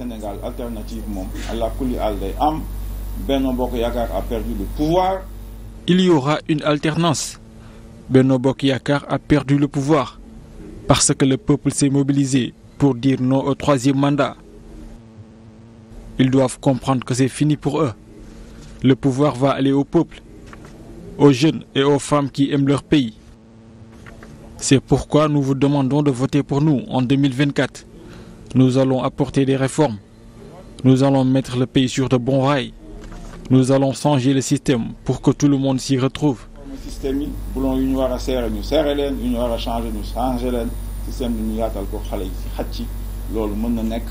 Sénégal alternative moom allah kulli àll day am Yaakaar a perdu le il y aura une alternance Benno Bokk Yaakaar a perdu le pouvoir parce que le peuple s'est mobilisé pour dire non au troisième mandat ils doivent comprendre que c'est fini pour eux le pouvoir va aller au peuple aux jeunes et aux femmes qui aiment leur pays c'est pourquoi nous vous demandons de voter pour nous en Nous allons apporter des réformes. Nous allons mettre le pays sur de bons rails. Nous allons changer le système pour que tout le monde s'y retrouve. système yi bu loon yu ñu war a seere ñu seere leen yu ñu war a changer ñu changer leen système bi ñu yaatal ko xale yi ci ci loolu mën na nekk